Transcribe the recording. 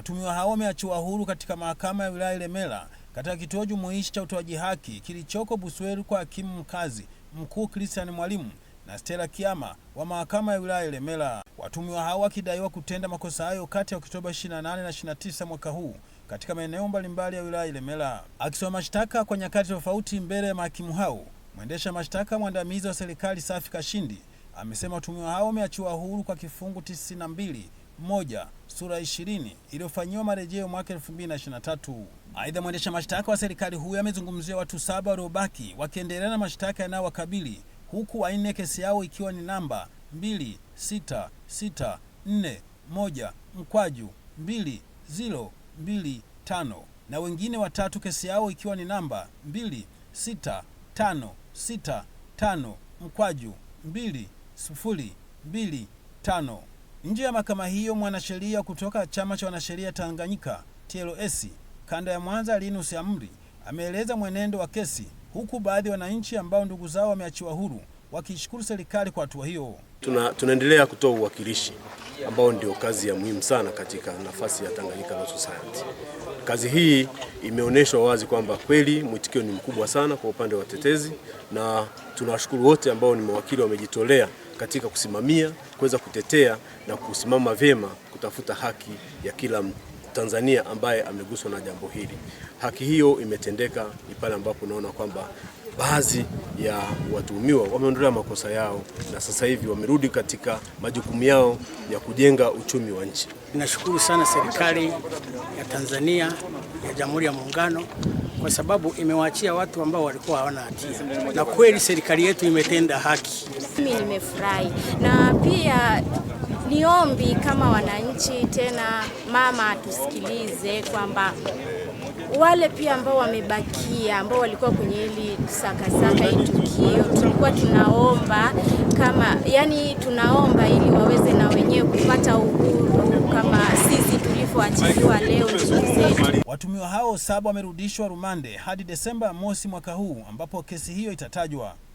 Watuhumiwa hao wameachiwa huru katika mahakama ya wilaya Ilemela katika kituo jumuishi cha utoaji haki kilichoko Buswelu kwa hakimu mkazi mkuu Christian Mwalimu na Stella Kiama wa mahakama ya wilaya Ilemela. Watuhumiwa hao wakidaiwa kutenda makosa hayo kati ya Oktoba 28 na 29 mwaka huu katika maeneo mbalimbali ya wilaya Ilemela. Akisoma mashtaka kwa nyakati tofauti mbele ya mahakimu hao, mwendesha mashtaka mwandamizi wa serikali Safi Kashindi amesema watuhumiwa hao wameachiwa huru kwa kifungu 92 moja sura 20 iliyofanyiwa marejeo mwaka 2023. Aidha, mwendesha mashtaka wa serikali huyo amezungumzia watu saba waliobaki wakiendelea na mashtaka yanayowakabili huku wanne kesi yao ikiwa ni namba 26641 mkwaju 2025 na wengine watatu kesi yao ikiwa ni namba 26565 mkwaju 2025. Nje ya mahakama hiyo, mwanasheria kutoka Chama cha Wanasheria Tanganyika TLS kanda ya Mwanza, Linus Amri ameeleza mwenendo wa kesi, huku baadhi ya wananchi ambao ndugu zao wameachiwa huru wakiishukuru serikali kwa hatua hiyo. Tuna, tunaendelea kutoa uwakilishi ambao ndio kazi ya muhimu sana katika nafasi ya Tanganyika Law Society. Kazi hii imeonyeshwa wazi kwamba kweli mwitikio ni mkubwa sana kwa upande wa tetezi, na tunawashukuru wote ambao ni mawakili wamejitolea katika kusimamia, kuweza kutetea na kusimama vyema kutafuta haki ya kila Tanzania ambaye ameguswa na jambo hili. Haki hiyo imetendeka ni pale ambapo unaona kwamba baadhi ya watuhumiwa wameondolea makosa yao na sasa hivi wamerudi katika majukumu yao ya kujenga uchumi wa nchi. Ninashukuru sana serikali ya Tanzania ya Jamhuri ya Muungano kwa sababu imewaachia watu ambao walikuwa hawana hatia, na kweli serikali yetu imetenda haki. Mimi nimefurahi na pia niombi kama wananchi, tena mama atusikilize kwamba wale pia ambao wamebakia ambao walikuwa kwenye hili sakasaka hii tukio, tulikuwa tunaomba kama yani, tunaomba ili waweze na wenyewe kupata uhuru kama sisi tulivyoachiliwa leo ndugu zetu. Watumiwa hao saba wamerudishwa rumande hadi Desemba mosi mwaka huu ambapo kesi hiyo itatajwa.